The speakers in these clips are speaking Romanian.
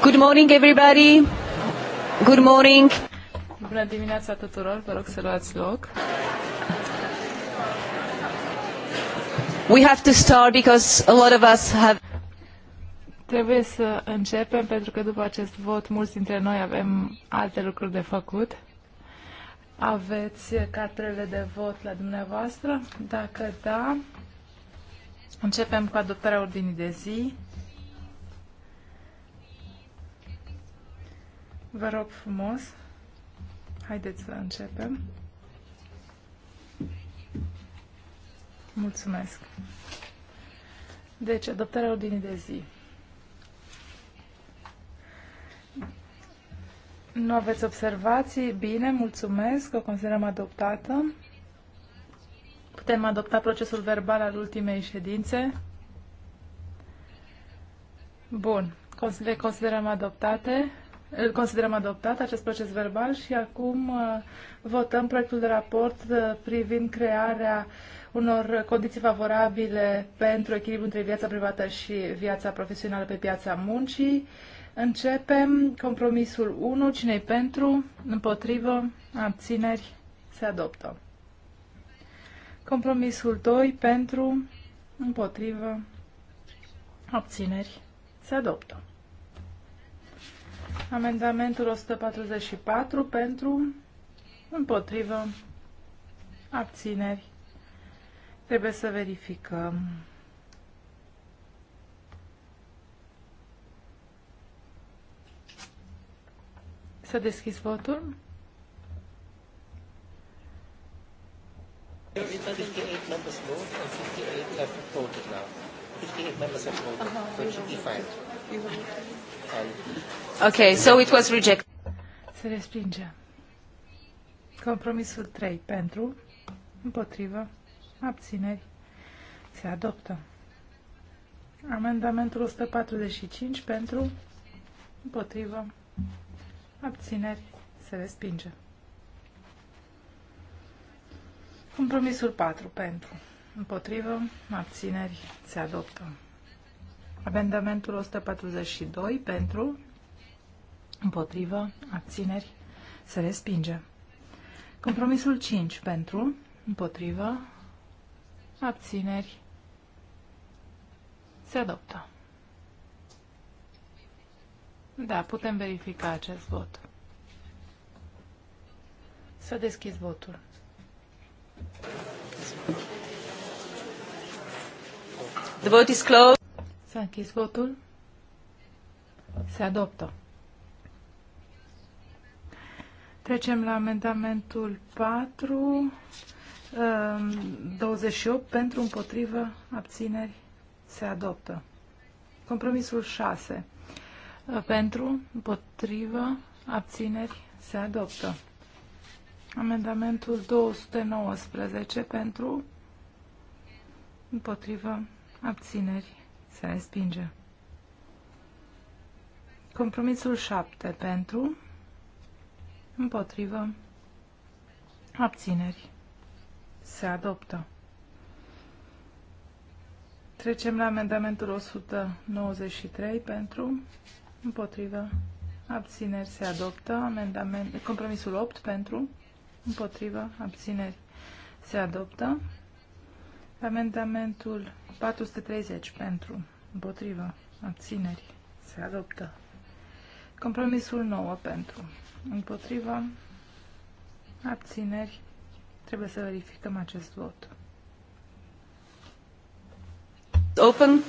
Good morning, everybody. Good morning. Bună dimineața tuturor, vă rog să luați loc. We have to start because a lot of us have Trebuie să începem pentru că după acest vot mulți dintre noi avem alte lucruri de făcut. Aveți cartele de vot la dumneavoastră? Dacă da, începem cu adoptarea ordinii de zi. Vă rog frumos, haideți să începem. Mulțumesc. Deci, adoptarea ordinii de zi. Nu aveți observații? Bine, mulțumesc, o considerăm adoptată. Putem adopta procesul verbal al ultimei ședințe. Bun, le considerăm adoptate. Îl considerăm adoptat, acest proces verbal, și acum uh, votăm proiectul de raport uh, privind crearea unor condiții favorabile pentru echilibru între viața privată și viața profesională pe piața muncii. Începem compromisul 1. cine pentru? Împotrivă? Abțineri? Se adoptă. Compromisul 2. Pentru? Împotrivă? Abțineri? Se adoptă. Amendamentul 144 pentru, împotrivă, abțineri. Trebuie să verificăm. Să deschis votul. members Ok, so it was rejected. Se respinge. Compromisul 3 pentru, împotrivă, abțineri, se adoptă. Amendamentul 145 pentru, împotrivă, abțineri, se respinge. Compromisul 4 pentru, împotrivă, abțineri, se adoptă. Amendamentul 142 pentru, împotrivă, abțineri, se respinge. Compromisul 5 pentru, împotrivă, abțineri, se adoptă. Da, putem verifica acest vot. Să deschid votul. The vote is closed. S-a închis votul. Se adoptă. Trecem la amendamentul 4, 28, um, pentru împotrivă abțineri se adoptă. Compromisul 6, uh, pentru împotrivă abțineri se adoptă. Amendamentul 219, pentru împotrivă abțineri se respinge. Compromisul 7 pentru, împotrivă, abțineri. Se adoptă. Trecem la amendamentul 193 pentru, împotrivă, abțineri. Se adoptă. Amendament, compromisul 8 pentru, împotrivă, abțineri. Se adoptă. Amendamentul 430 pentru, împotrivă, abțineri, se adoptă. Compromisul 9 pentru, împotrivă, abțineri, trebuie să verificăm acest vot. Open.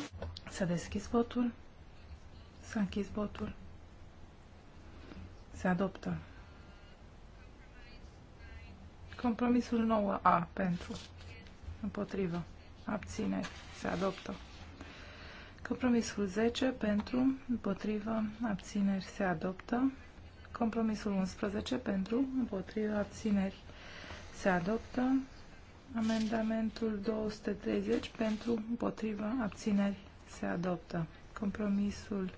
S-a deschis votul. S-a închis votul. Se adoptă. Compromisul 9A pentru. Împotrivă abțineri, se adoptă. Compromisul 10 pentru, împotrivă, abțineri, se adoptă. Compromisul 11 pentru, împotrivă, abțineri, se adoptă. Amendamentul 230 pentru, împotrivă, abțineri, se adoptă. Compromisul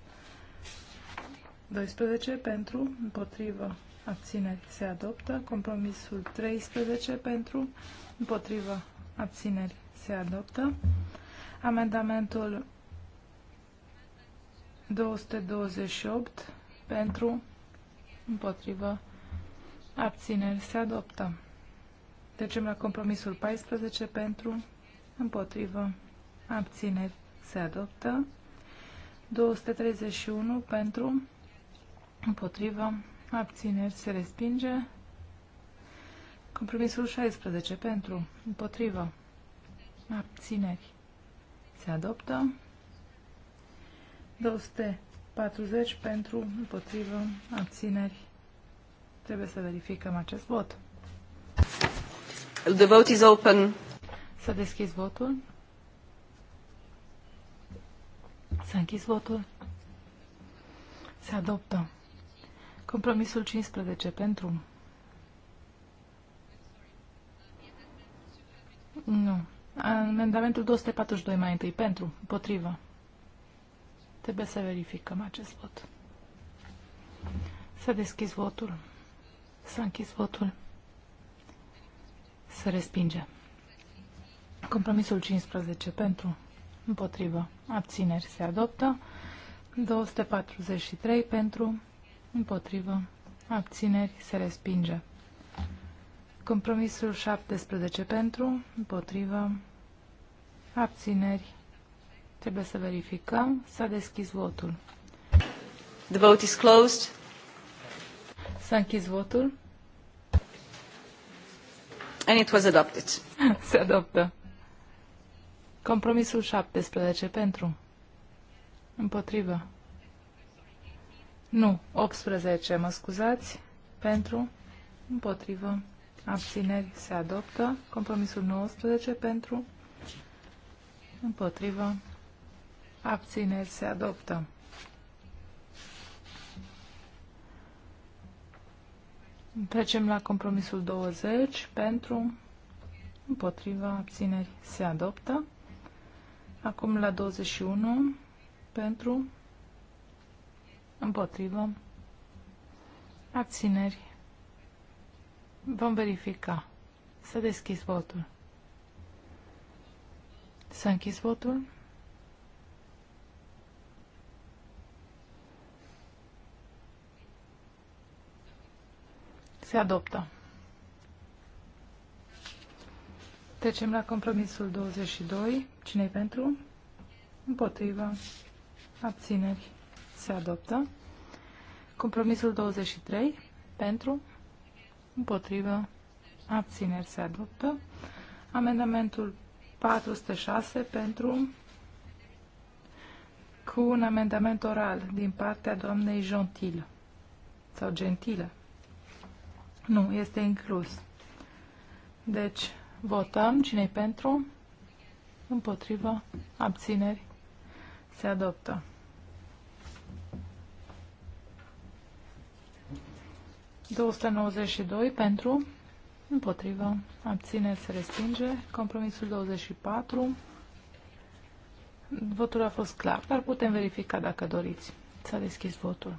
12 pentru, împotrivă, abțineri, se adoptă. Compromisul 13 pentru, împotrivă, abțineri, se adoptă. Amendamentul 228 pentru, împotrivă, abțineri se adoptă. Trecem la compromisul 14 pentru, împotrivă, abțineri se adoptă. 231 pentru, împotrivă, abțineri se respinge. Compromisul 16 pentru, împotrivă, Abțineri. Se adoptă. 240 pentru, împotrivă, abțineri. Trebuie să verificăm acest vot. The vote is open. Să deschis votul. Să a închis votul. Se adoptă. Compromisul 15 pentru. Nu. No. Amendamentul 242 mai întâi. Pentru. Împotrivă. Trebuie să verificăm acest vot. S-a deschis votul. S-a închis votul. Să respinge. Compromisul 15 pentru, împotrivă, abțineri se adoptă. 243 pentru, împotrivă, abțineri se respinge. Compromisul 17 pentru, împotrivă, Abțineri. Trebuie să verificăm. S-a deschis votul. The vote is closed. S-a închis votul. And it was adopted. Se adoptă. Compromisul 17 pentru. Împotrivă. Nu, 18, mă scuzați. Pentru. Împotrivă. Abțineri se adoptă. Compromisul 19 pentru împotrivă, abțineri se adoptă. Trecem la compromisul 20 pentru, Împotrivă. abțineri se adoptă. Acum la 21 pentru, împotrivă, abțineri. Vom verifica. Să deschis votul. S-a închis votul. Se adoptă. Trecem la compromisul 22. Cine-i pentru? Împotriva. Abțineri. Se adoptă. Compromisul 23. Pentru. Împotriva. Abțineri. Se adoptă. Amendamentul 406 pentru cu un amendament oral din partea doamnei Gentil sau Gentilă. Nu, este inclus. Deci, votăm cine pentru, împotrivă, abțineri, se adoptă. doi pentru, Împotrivă. Abține, se respinge. Compromisul 24. Votul a fost clar, dar putem verifica dacă doriți. S-a deschis votul.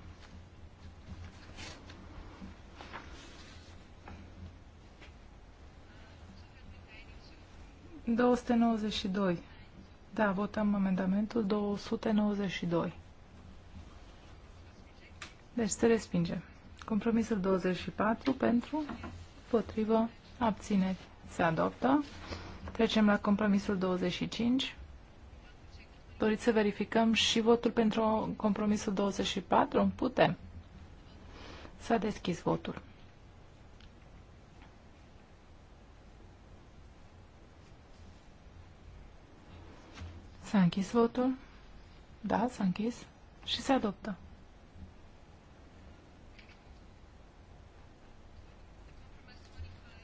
...292. Da, votăm amendamentul 292. Deci se respinge. Compromisul 24 pentru împotrivă, abțineri, se adoptă. Trecem la compromisul 25. Doriți să verificăm și votul pentru compromisul 24? Putem. S-a deschis votul. S-a închis votul? Da, s-a închis și se adoptă.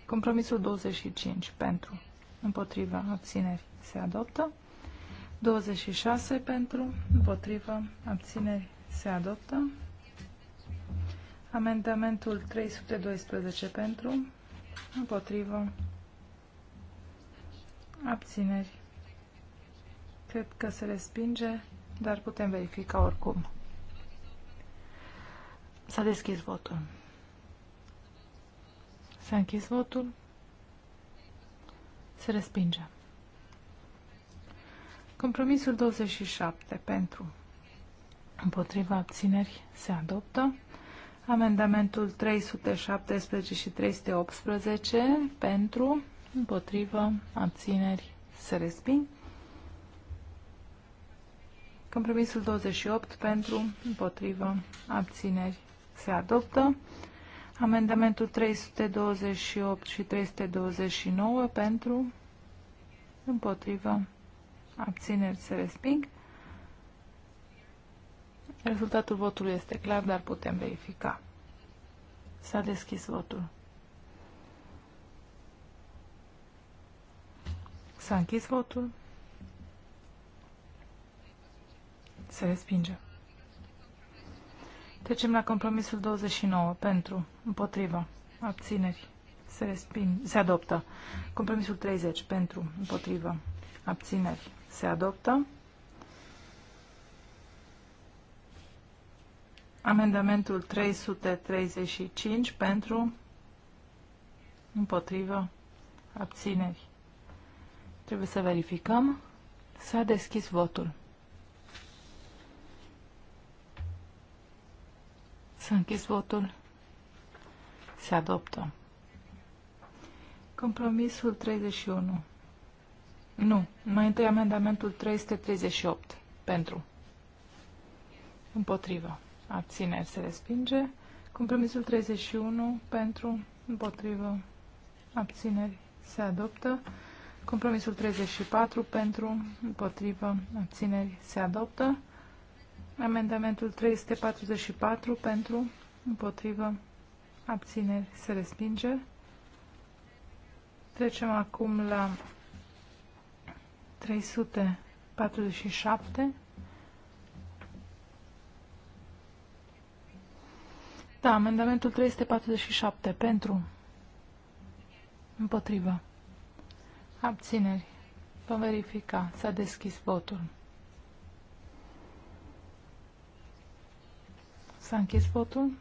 Compromisul 25 pentru, împotriva, abțineri se adoptă. 26 pentru, împotriva, abțineri se adoptă. Amendamentul 312 pentru, împotriva, abțineri. Cred că se respinge, dar putem verifica oricum. S-a deschis votul. S-a închis votul. Se respinge. Compromisul 27 pentru împotriva abțineri se adoptă. Amendamentul 317 și 318 pentru împotriva abțineri se resping. Compromisul 28 pentru împotriva abțineri se adoptă. Amendamentul 328 și 329 pentru, împotrivă, abțineri se resping. Rezultatul votului este clar, dar putem verifica. S-a deschis votul. S-a închis votul. Se respinge. Trecem la compromisul 29. Pentru, împotriva, abțineri, se respin, se adoptă. Compromisul 30. Pentru, împotriva, abțineri, se adoptă. Amendamentul 335 pentru, împotrivă, abțineri. Trebuie să verificăm. S-a deschis votul. S-a închis votul. Se adoptă. Compromisul 31. Nu. Mai întâi amendamentul 338. Pentru. Împotrivă. Abțineri se respinge. Compromisul 31. Pentru. Împotrivă. Abțineri se adoptă. Compromisul 34. Pentru. Împotrivă. Abțineri se adoptă. Amendamentul 344 pentru, împotrivă, abțineri, se respinge. Trecem acum la 347. Da, amendamentul 347 pentru, împotrivă, abțineri. Vom verifica. S-a deschis votul. S-a închis votul.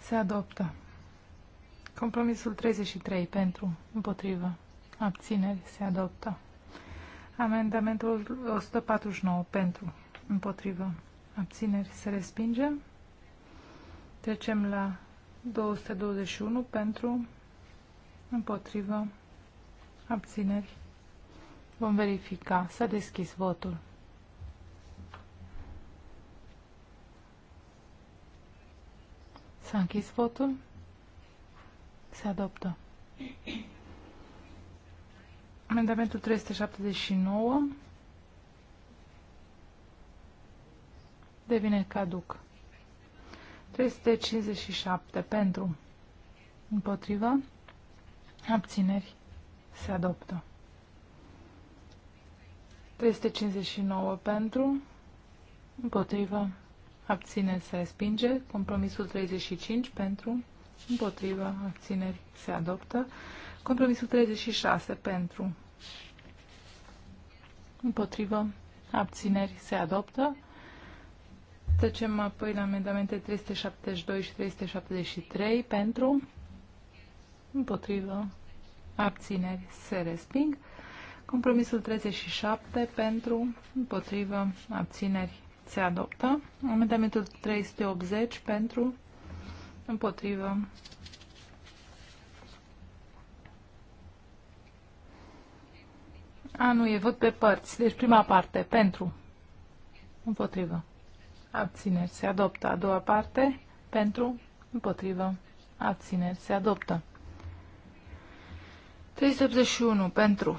Se adoptă. Compromisul 33 pentru, împotrivă, abțineri, se adoptă. Amendamentul 149 pentru, împotrivă, abțineri, se respinge. Trecem la 221 pentru, împotrivă, abțineri. Vom verifica. S-a deschis votul. S-a închis votul. Se adoptă. Amendamentul 379 devine caduc. 357 pentru împotriva abțineri se adoptă. 359 pentru împotriva abține se respinge. Compromisul 35 pentru, împotriva, abțineri se adoptă. Compromisul 36 pentru, împotriva, abțineri se adoptă. Trecem apoi la amendamente 372 și 373 pentru, împotriva abțineri, se resping. Compromisul 37 pentru, împotriva abțineri, se adoptă. Amendamentul 380 pentru, împotrivă. A, nu, e vot pe părți. Deci prima parte, pentru, împotrivă. Abțineri se adoptă. A doua parte, pentru, împotrivă. Abțineri se adoptă. 381 pentru,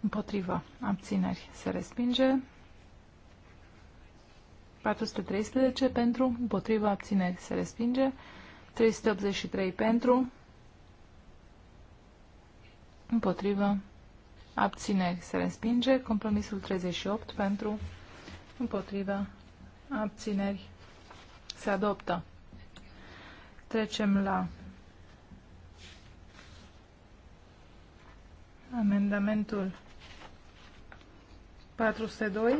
împotrivă. Abțineri se respinge. 413 pentru, împotriva abțineri se respinge. 383 pentru, împotriva abțineri se respinge. Compromisul 38 pentru, împotriva abțineri se adoptă. Trecem la amendamentul 402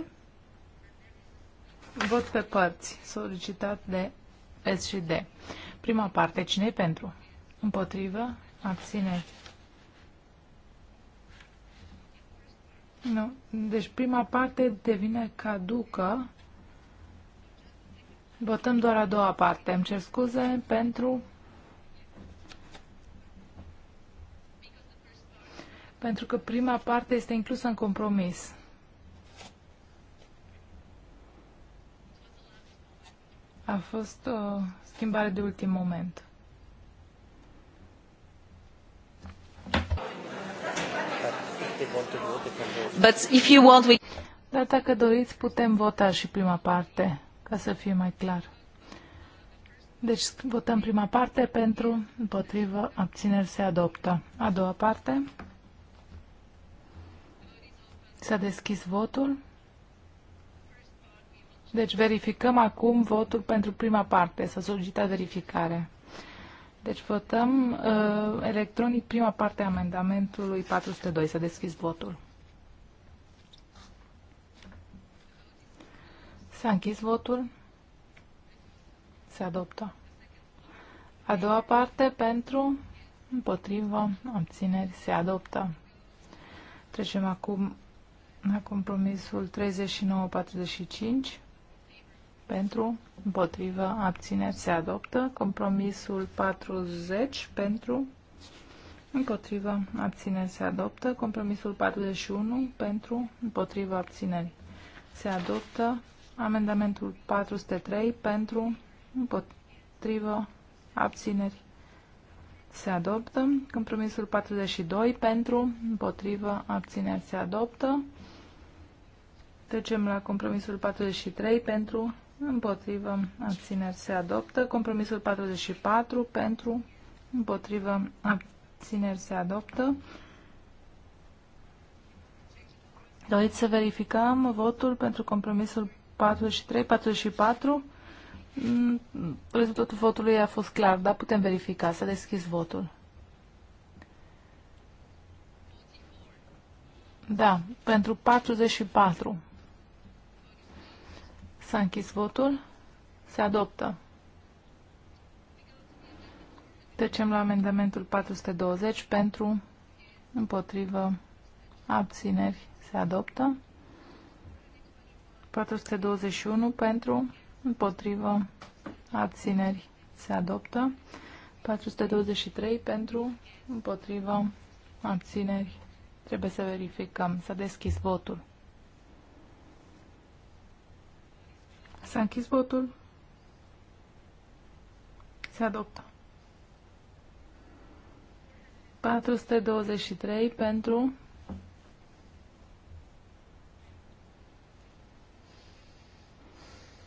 Vot pe părți, solicitat de S și D. Prima parte, cine pentru? Împotrivă, Abține? Nu. Deci prima parte devine caducă. Votăm doar a doua parte. Îmi cer scuze pentru... Pentru că prima parte este inclusă în compromis. A fost o schimbare de ultim moment. But if you want, we... Dar dacă doriți, putem vota și prima parte, ca să fie mai clar. Deci votăm prima parte pentru, împotrivă, abțineri se adoptă. A doua parte. S-a deschis votul. Deci verificăm acum votul pentru prima parte, să solicită verificare. Deci votăm uh, electronic prima parte a amendamentului 402. Să deschis votul. S-a închis votul. Se adoptă. A doua parte pentru, împotrivă, obțineri, se adoptă. Trecem acum la compromisul 3945 pentru, împotrivă, abțineri se adoptă. Compromisul 40 pentru, împotrivă, abțineri se adoptă. Compromisul 41 pentru, împotrivă, abțineri se adoptă. Amendamentul 403 pentru, împotrivă, abțineri se adoptă. Compromisul 42 pentru, împotrivă, abțineri se adoptă. Trecem la compromisul 43 pentru, împotrivă, abțineri se adoptă. Compromisul 44 pentru, împotrivă, abțineri se adoptă. Doriți să verificăm votul pentru compromisul 43-44? Mm, rezultatul votului a fost clar, dar putem verifica. S-a deschis votul. Da, pentru 44. S-a închis votul. Se adoptă. Trecem la amendamentul 420 pentru, împotrivă, abțineri. Se adoptă. 421 pentru, împotrivă, abțineri. Se adoptă. 423 pentru, împotrivă, abțineri. Trebuie să verificăm. S-a deschis votul. S-a închis votul. Se adoptă. 423 pentru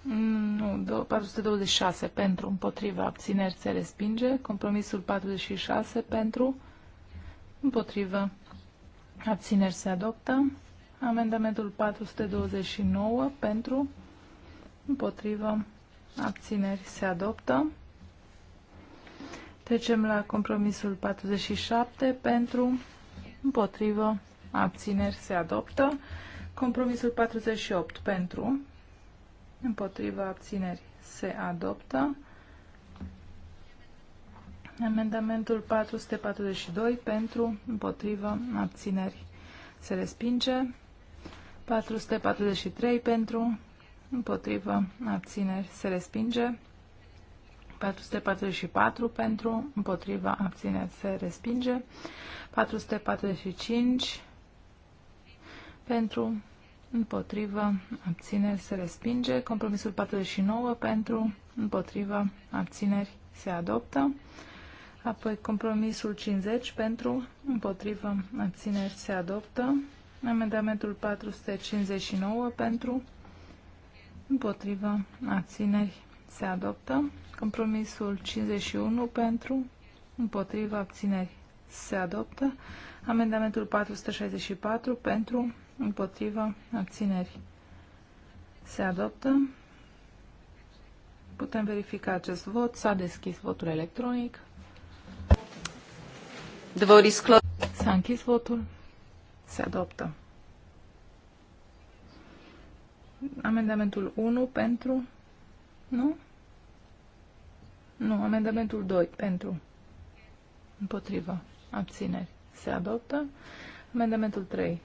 Nu, 426 pentru, împotriva, abțineri, se respinge. Compromisul 46 pentru, împotrivă, abțineri, se adoptă. Amendamentul 429 pentru, împotrivă, abțineri se adoptă. Trecem la compromisul 47 pentru, împotrivă, abțineri se adoptă. Compromisul 48 pentru, împotrivă, abțineri se adoptă. Amendamentul 442 pentru, împotrivă, abțineri se respinge. 443 pentru, împotrivă, abțineri, se respinge. 444 pentru, împotriva, abțineri, se respinge. 445 pentru, împotrivă, abțineri, se respinge. Compromisul 49 pentru, împotrivă, abțineri, se adoptă. Apoi compromisul 50 pentru, împotrivă, abțineri, se adoptă. Amendamentul 459 pentru, Împotriva Abțineri. Se adoptă. Compromisul 51 pentru. Împotriva Abțineri. Se adoptă. Amendamentul 464 pentru. Împotriva Abțineri. Se adoptă. Putem verifica acest vot. S-a deschis votul electronic. S-a închis votul. Se adoptă. Amendamentul 1 pentru. Nu? Nu. Amendamentul 2 pentru. împotriva Abțineri. Se adoptă. Amendamentul 3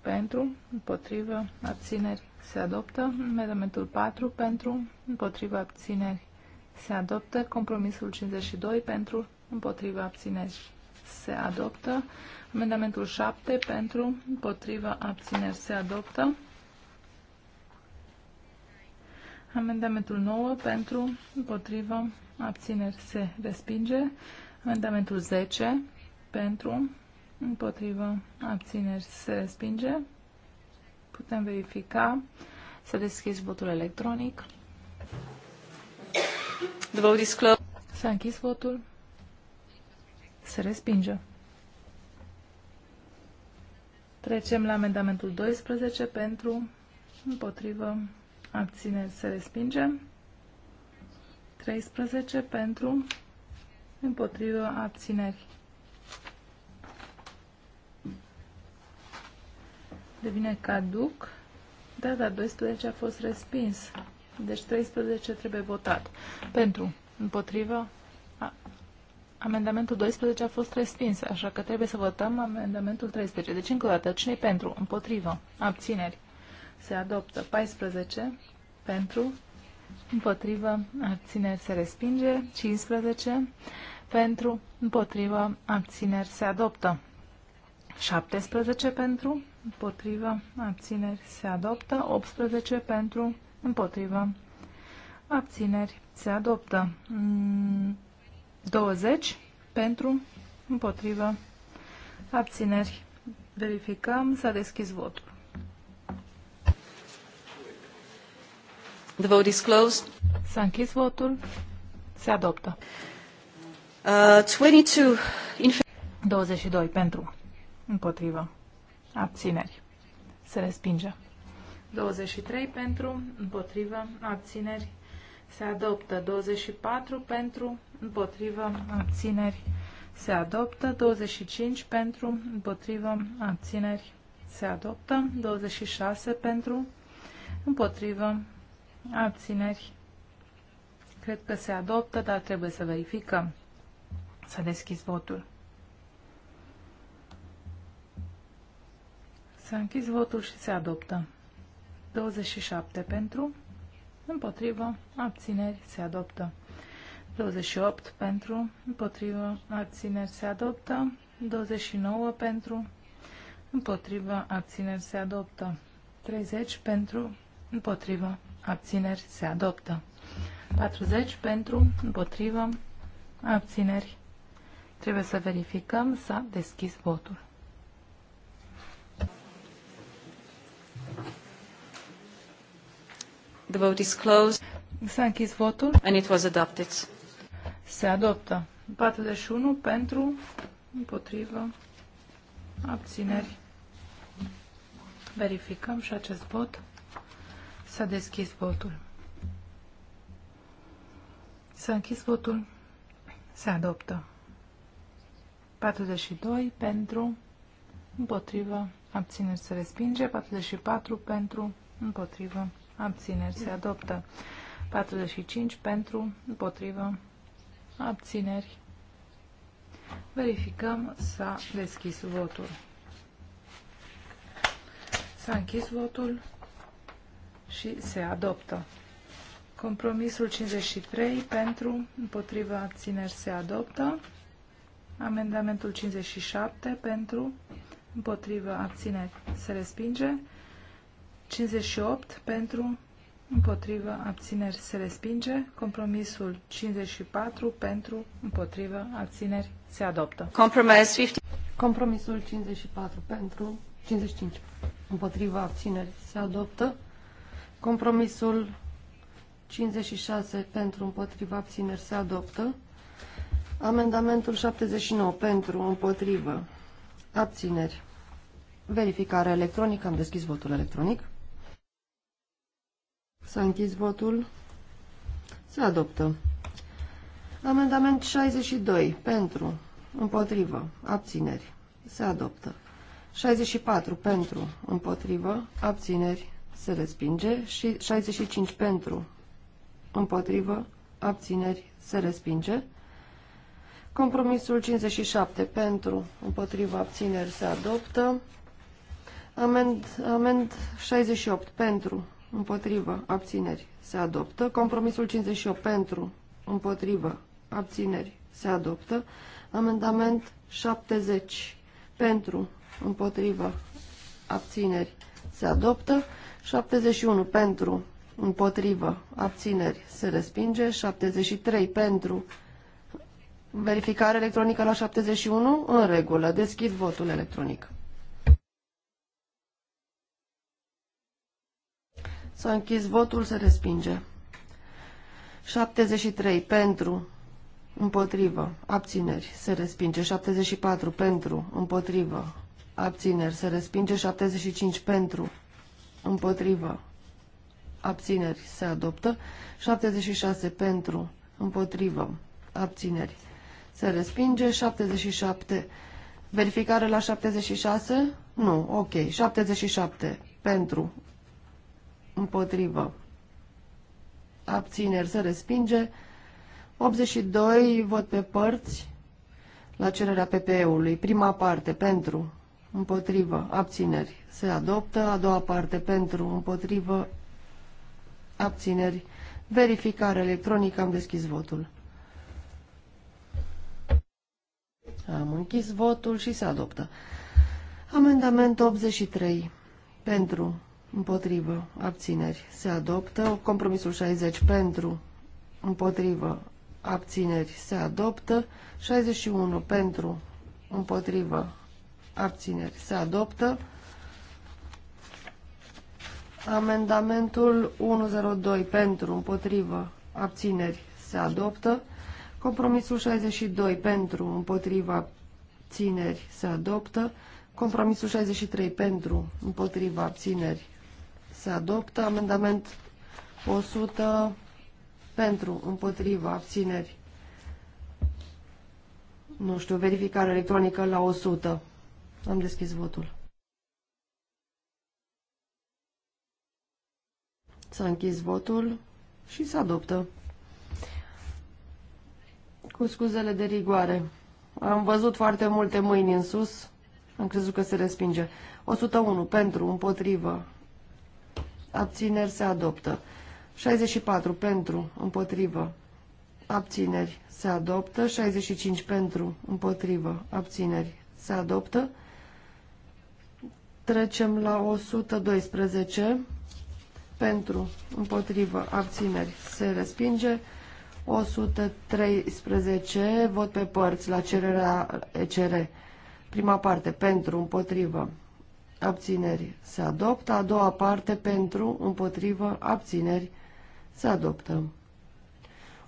pentru. împotriva Abțineri. Se adoptă. Amendamentul 4 pentru. împotriva Abțineri. Se adoptă. Compromisul 52 pentru. împotriva Abțineri. Se adoptă. Amendamentul 7 pentru. împotriva Abțineri. Se adoptă. Amendamentul 9 pentru, împotrivă, abțineri se respinge. Amendamentul 10 pentru, împotrivă, abțineri se respinge. Putem verifica. Să deschizi votul electronic. The vote is closed. S-a închis votul. Se respinge. Trecem la amendamentul 12 pentru, împotrivă, abțineri se respinge. 13 pentru, împotrivă, abțineri. Devine caduc. Da, da, 12 a fost respins. Deci 13 trebuie votat. Pentru, împotrivă, amendamentul 12 a fost respins, așa că trebuie să votăm amendamentul 13. Deci, încă o dată, cine pentru? Împotrivă. Abțineri se adoptă. 14 pentru, împotrivă, abțineri se respinge. 15 pentru, împotrivă, abțineri se adoptă. 17 pentru, împotrivă, abțineri se adoptă. 18 pentru, împotrivă, abțineri se adoptă. 20 mm, pentru, împotrivă, abțineri. Verificăm, s-a deschis votul. The vote is closed. S-a închis votul. Se adoptă. Uh, 22. In... 22 pentru. Împotrivă. Abțineri. Se respinge. 23 pentru. Împotrivă. Abțineri. Se adoptă. 24 pentru. Împotrivă. Abțineri. Se adoptă. 25 pentru. Împotrivă. Abțineri. Se adoptă. 26 pentru. Împotrivă abțineri. Cred că se adoptă, dar trebuie să verificăm. Să deschis votul. S-a închis votul și se adoptă. 27 pentru, împotrivă, abțineri, se adoptă. 28 pentru, împotrivă, abțineri, se adoptă. 29 pentru, împotrivă, abțineri, se adoptă. 30 pentru, împotrivă, abțineri se adoptă. 40 pentru, împotrivă, abțineri. Trebuie să verificăm, s-a deschis votul. The vote is closed. S-a închis votul. And it was adopted. Se adoptă. 41 pentru, împotrivă, abțineri. Verificăm și acest vot. S-a deschis votul. S-a închis votul. Se adoptă. 42 pentru, împotrivă, abțineri se respinge. 44 pentru, împotrivă, abțineri se adoptă. 45 pentru, împotrivă, abțineri. Verificăm, s-a deschis votul. S-a închis votul și se adoptă. Compromisul 53 pentru, împotriva abțineri se adoptă. Amendamentul 57 pentru, împotriva abțineri se respinge. 58 pentru, împotriva abțineri se respinge. Compromisul 54 pentru, împotriva abțineri se adoptă. Compromisul 54 pentru, 55 împotriva abțineri se adoptă. Compromisul 56 pentru împotriva abțineri se adoptă. Amendamentul 79 pentru împotrivă abțineri. Verificare electronică. Am deschis votul electronic. S-a închis votul. Se adoptă. Amendament 62 pentru împotrivă abțineri. Se adoptă. 64 pentru împotrivă abțineri se respinge și 65 pentru, împotrivă, abțineri, se respinge. Compromisul 57 pentru, împotrivă, abțineri, se adoptă. Amend, amend 68 pentru, împotrivă, abțineri, se adoptă. Compromisul 58 pentru, împotrivă, abțineri, se adoptă. Amendament 70 pentru, împotrivă, abțineri, se adoptă, 71 pentru, împotrivă, abțineri, se respinge, 73 pentru, verificare electronică la 71, în regulă, deschid votul electronic. S-a închis votul, se respinge. 73 pentru, împotrivă, abțineri, se respinge. 74 pentru, împotrivă, abțineri, se respinge 75 pentru, împotrivă, abțineri, se adoptă 76 pentru, împotrivă, abțineri, se respinge 77. Verificare la 76? Nu, ok, 77 pentru, împotrivă, abțineri, se respinge 82, vot pe părți, la cererea PPE-ului. Prima parte, pentru, împotrivă, abțineri, se adoptă. A doua parte pentru, împotrivă, abțineri, verificare electronică, am deschis votul. Am închis votul și se adoptă. Amendament 83. Pentru, împotrivă, abțineri, se adoptă. Compromisul 60 pentru, împotrivă, abțineri, se adoptă. 61 pentru, împotrivă, abțineri se adoptă. Amendamentul 102 pentru, împotrivă, abțineri se adoptă. Compromisul 62 pentru, împotriva, abțineri se adoptă. Compromisul 63 pentru, împotriva, abțineri se adoptă. Amendament 100 pentru, împotriva, abțineri. Nu știu, verificare electronică la 100. Am deschis votul. S-a închis votul și se adoptă. Cu scuzele de rigoare. Am văzut foarte multe mâini în sus. Am crezut că se respinge. 101 pentru, împotrivă. Abțineri se adoptă. 64 pentru, împotrivă. Abțineri se adoptă. 65 pentru, împotrivă. Abțineri se adoptă. Trecem la 112 pentru, împotrivă, abțineri se respinge. 113 vot pe părți la cererea ECR. Prima parte pentru, împotrivă, abțineri se adoptă. A doua parte pentru, împotrivă, abțineri se adoptă.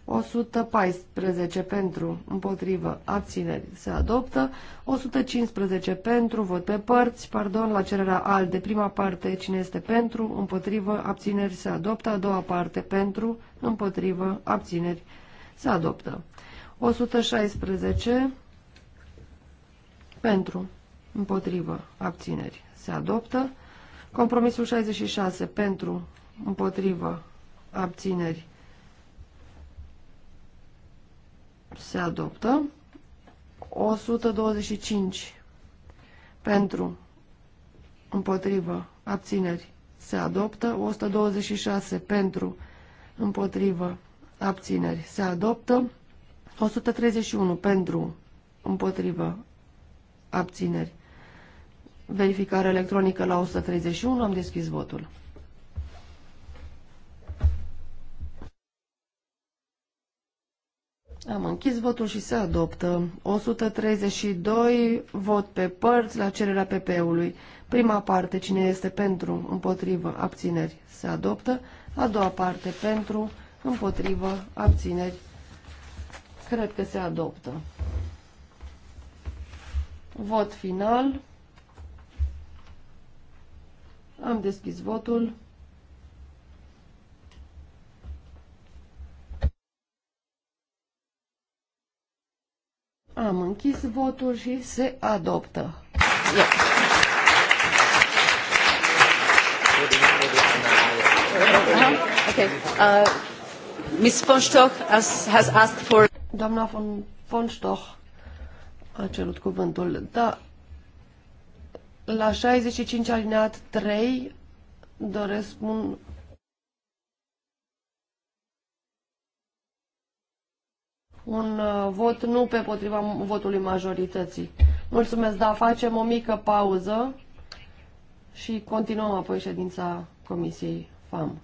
114 pentru, împotrivă, abțineri se adoptă, 115 pentru, vot pe părți, pardon, la cererea al de prima parte, cine este pentru, împotrivă, abțineri se adoptă, a doua parte pentru, împotrivă, abțineri se adoptă. 116 pentru, împotrivă, abțineri se adoptă, compromisul 66 pentru, împotrivă, abțineri se adoptă. 125 pentru, împotrivă, abțineri, se adoptă. 126 pentru, împotrivă, abțineri, se adoptă. 131 pentru, împotrivă, abțineri. Verificare electronică la 131, am deschis votul. Am închis votul și se adoptă. 132 vot pe părți la cererea PP-ului. Prima parte, cine este pentru, împotrivă, abțineri, se adoptă. A doua parte, pentru, împotrivă, abțineri, cred că se adoptă. Vot final. Am deschis votul. Am închis votul și se adoptă. Okay. Uh, Ms. Von Stoch has, has asked for... Doamna von, von Stoch a cerut cuvântul. Da, la 65 alineat 3 doresc un un uh, vot nu pe potriva votului majorității. Mulțumesc, da, facem o mică pauză și continuăm apoi ședința Comisiei FAM.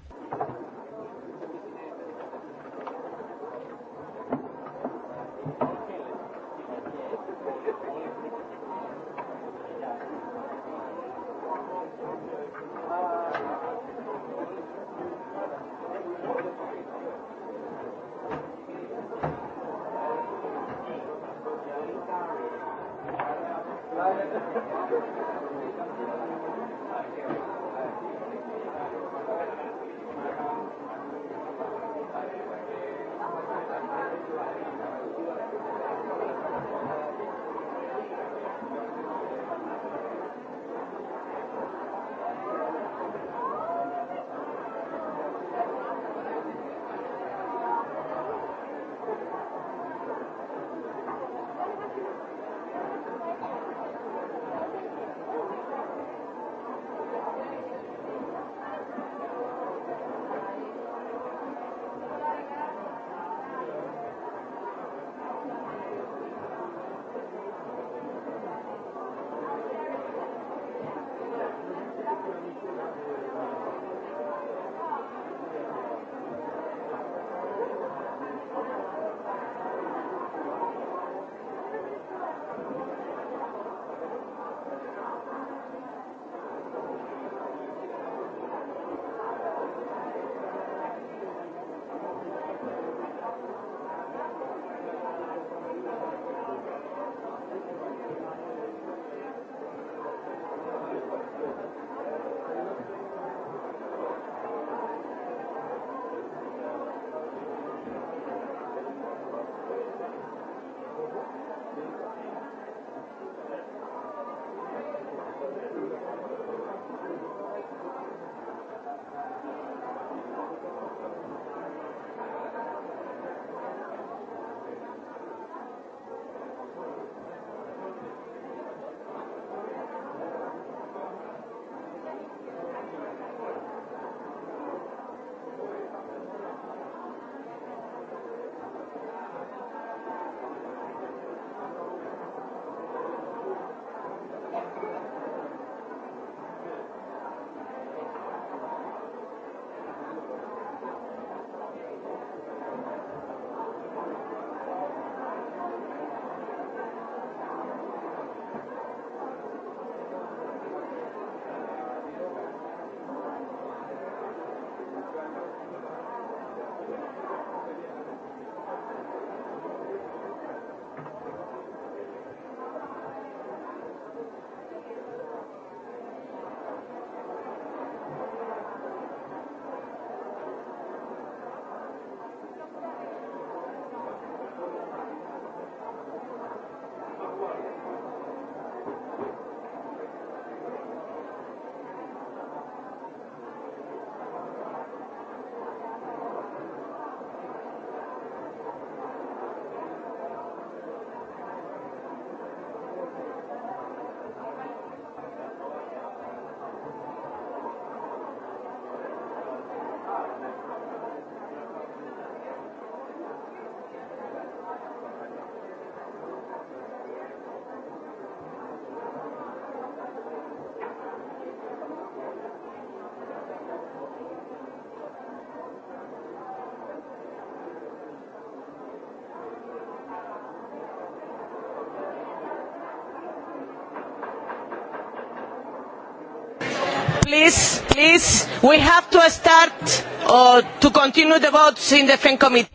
Please, we have to start or uh, to continue the votes in the FEN committee.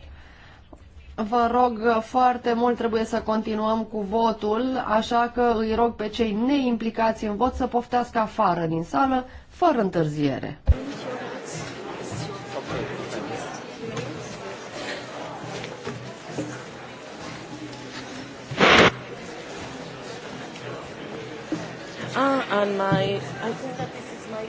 Vă rog foarte mult, trebuie să continuăm cu votul, așa că îi rog pe cei neimplicați în vot să poftească afară din sală, fără întârziere. Ah, and my, I think that this is my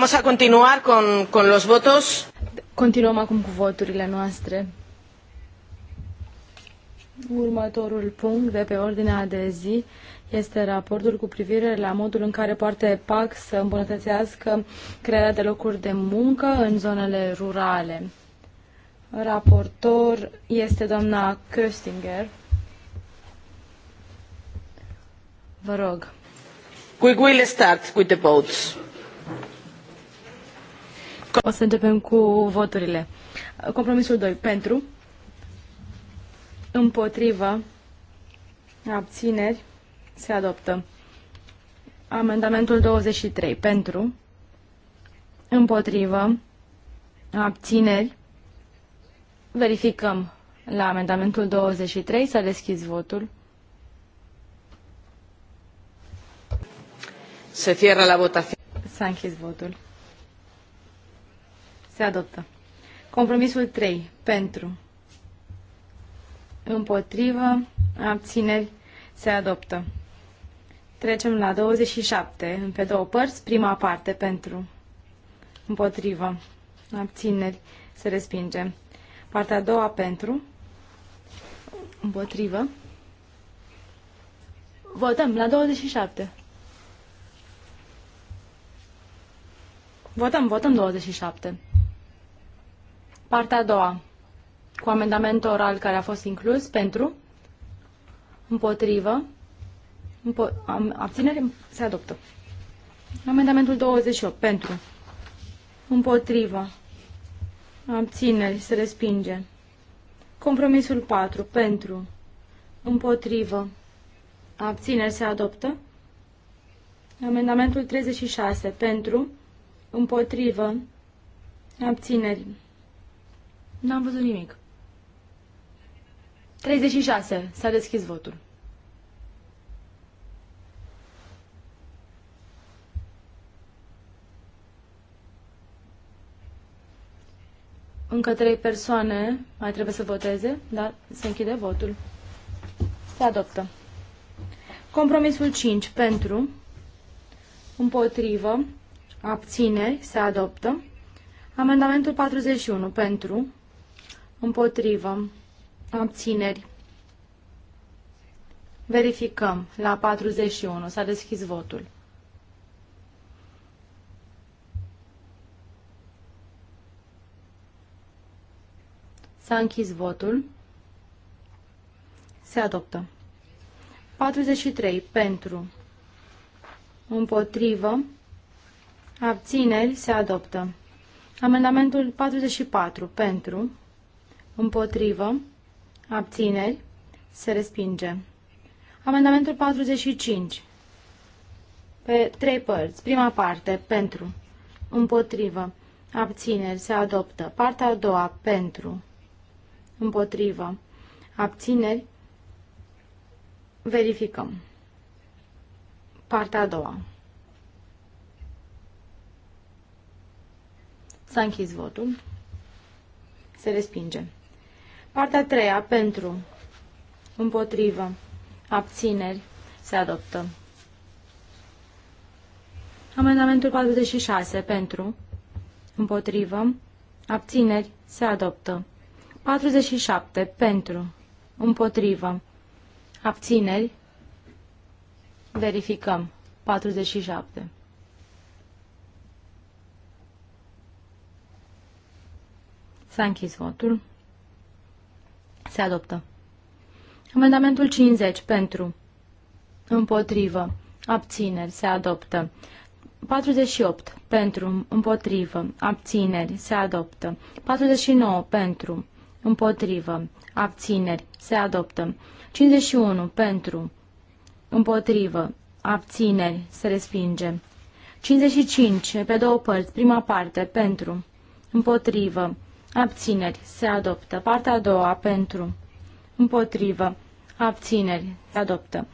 Vamos a continuar con, con los votos. Continuăm acum cu voturile noastre. Următorul punct de pe ordinea de zi este raportul cu privire la modul în care poate PAC să îmbunătățească crearea de locuri de muncă în zonele rurale. Raportor este doamna Köstinger. Vă rog. We will start with the votes. O să începem cu voturile. Compromisul 2. Pentru. Împotrivă. Abțineri. Se adoptă. Amendamentul 23. Pentru. Împotrivă. Abțineri. Verificăm. La amendamentul 23 să deschizi votul. Se cierra la votație. S-a închis votul. Se adoptă. Compromisul 3. Pentru. Împotrivă. Abțineri. Se adoptă. Trecem la 27. Pe două părți. Prima parte. Pentru. Împotrivă. Abțineri. Se respinge. Partea a doua. Pentru. Împotrivă. Votăm la 27. Votăm, votăm 27. Partea a doua, cu amendament oral care a fost inclus, pentru, împotrivă, împo abținere, se adoptă. Amendamentul 28, pentru, împotrivă, abțineri, se respinge. Compromisul 4, pentru, împotrivă, abțineri, se adoptă. Amendamentul 36, pentru, împotrivă, abțineri, N-am văzut nimic. 36. S-a deschis votul. Încă trei persoane mai trebuie să voteze, dar se închide votul. Se adoptă. Compromisul 5 pentru, împotrivă, abțineri, se adoptă. Amendamentul 41 pentru, împotrivă, abțineri. Verificăm la 41. S-a deschis votul. S-a închis votul. Se adoptă. 43. Pentru. Împotrivă. Abțineri. Se adoptă. Amendamentul 44. Pentru. Împotrivă. Abțineri. Se respinge. Amendamentul 45. Pe trei părți. Prima parte. Pentru. Împotrivă. Abțineri. Se adoptă. Partea a doua. Pentru. Împotrivă. Abțineri. Verificăm. Partea a doua. S-a închis votul. Se respinge. Partea a treia, pentru, împotrivă, abțineri, se adoptă. Amendamentul 46, pentru, împotrivă, abțineri, se adoptă. 47, pentru, împotrivă, abțineri, verificăm. 47. S-a închis votul. Se adoptă. Amendamentul 50. Pentru. Împotrivă. Abțineri. Se adoptă. 48. Pentru. Împotrivă. Abțineri. Se adoptă. 49. Pentru. Împotrivă. Abțineri. Se adoptă. 51. Pentru. Împotrivă. Abțineri. Se respinge. 55. Pe două părți. Prima parte. Pentru. Împotrivă. Abțineri. Se adoptă. Partea a doua. Pentru. Împotrivă. Abțineri. Se adoptă.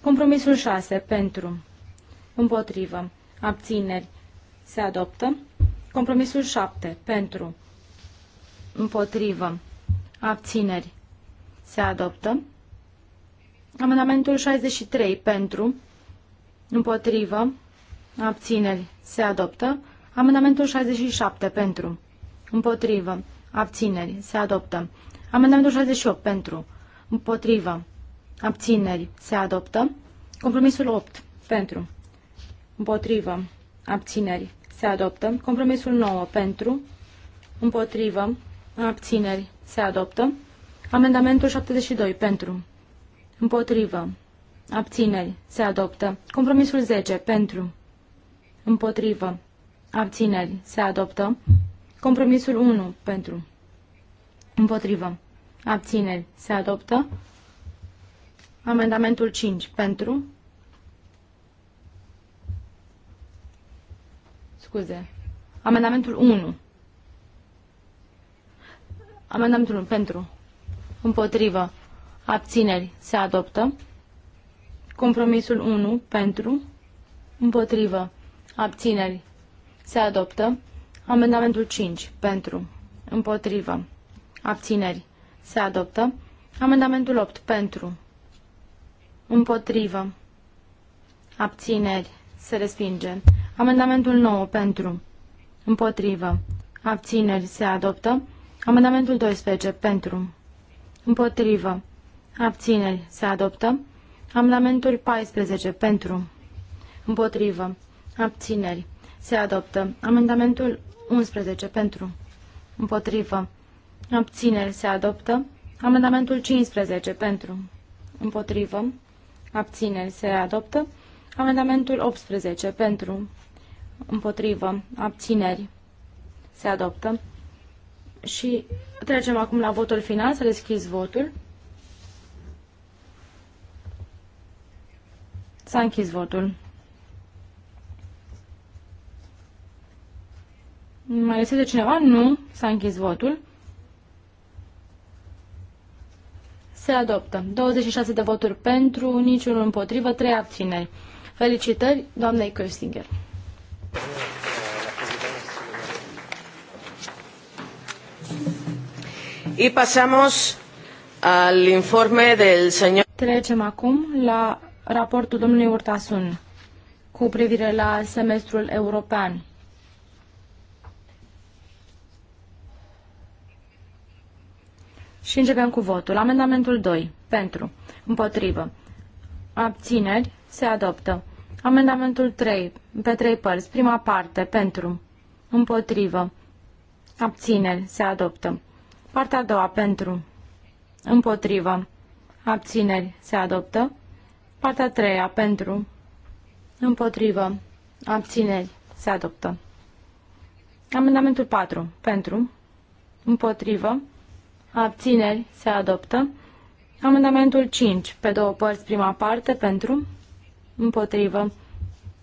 Compromisul 6. Pentru. Împotrivă. Abțineri. Se adoptă. Compromisul 7. Pentru. Împotrivă. Abțineri. Se adoptă. Amendamentul 63. Pentru. Împotrivă. Abțineri. Se adoptă. Amendamentul 67. Pentru. Împotrivă. Abțineri. Se adoptă. Amendamentul 68 pentru. Împotrivă. Abțineri. Se adoptă. Compromisul 8 pentru. Împotrivă. Abțineri. Se adoptă. Compromisul 9 pentru. Împotrivă. Abțineri. Se adoptă. Amendamentul 72 pentru. Împotrivă. Abțineri. Se adoptă. Compromisul 10 pentru. Împotrivă. Abțineri. Se adoptă. Compromisul 1 pentru. Împotrivă. Abțineri. Se adoptă. Amendamentul 5 pentru. Scuze. Amendamentul 1. Amendamentul 1 pentru. Împotrivă. Abțineri. Se adoptă. Compromisul 1 pentru. Împotrivă. Abțineri. Se adoptă. Amendamentul 5. Pentru. Împotrivă. Abțineri. Se adoptă. Amendamentul 8. Pentru. Împotrivă. Abțineri. Se respinge. Amendamentul 9. Pentru. Împotrivă. Abțineri. Se adoptă. Amendamentul 12. Pentru. Împotrivă. Abțineri. Se adoptă. Amendamentul 14. Pentru. Împotrivă. Abțineri. Se adoptă. Amendamentul 11 pentru, împotrivă, abțineri se adoptă. Amendamentul 15 pentru, împotrivă, abțineri se adoptă. Amendamentul 18 pentru, împotrivă, abțineri se adoptă. Și trecem acum la votul final, să deschis votul. S-a închis votul. Mai este de cineva? Nu. S-a închis votul. Se adoptă. 26 de voturi pentru, niciunul împotrivă, 3 abțineri. Felicitări doamnei Kirstinger. Y pasamos al informe del señor... Trecem acum la raportul domnului Urtasun cu privire la semestrul european. Și începem cu votul. Amendamentul 2. Pentru. Împotrivă. Abțineri. Se adoptă. Amendamentul 3. Pe trei părți. Prima parte. Pentru. Împotrivă. Abțineri. Se adoptă. Partea a doua. Pentru. Împotrivă. Abțineri. Se adoptă. Partea a treia. Pentru. Împotrivă. Abțineri. Se adoptă. Amendamentul 4. Pentru. Împotrivă abțineri, se adoptă. Amendamentul 5, pe două părți, prima parte, pentru, împotrivă,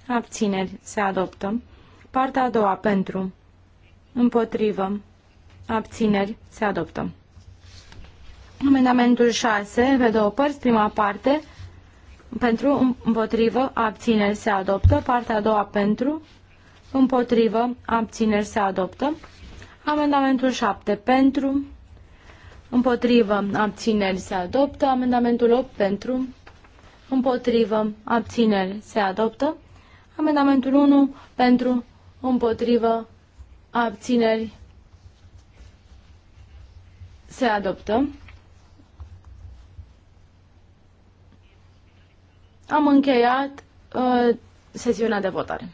abțineri, se adoptă. Partea a doua, pentru, împotrivă, abțineri, se adoptă. Amendamentul 6, pe două părți, prima parte, pentru, împotrivă, abțineri, se adoptă. Partea a doua, pentru, împotrivă, abțineri, se adoptă. Amendamentul 7, pentru, Împotrivă, abțineri se adoptă. Amendamentul 8 pentru. Împotrivă, abțineri se adoptă. Amendamentul 1 pentru. Împotrivă, abțineri se adoptă. Am încheiat uh, sesiunea de votare.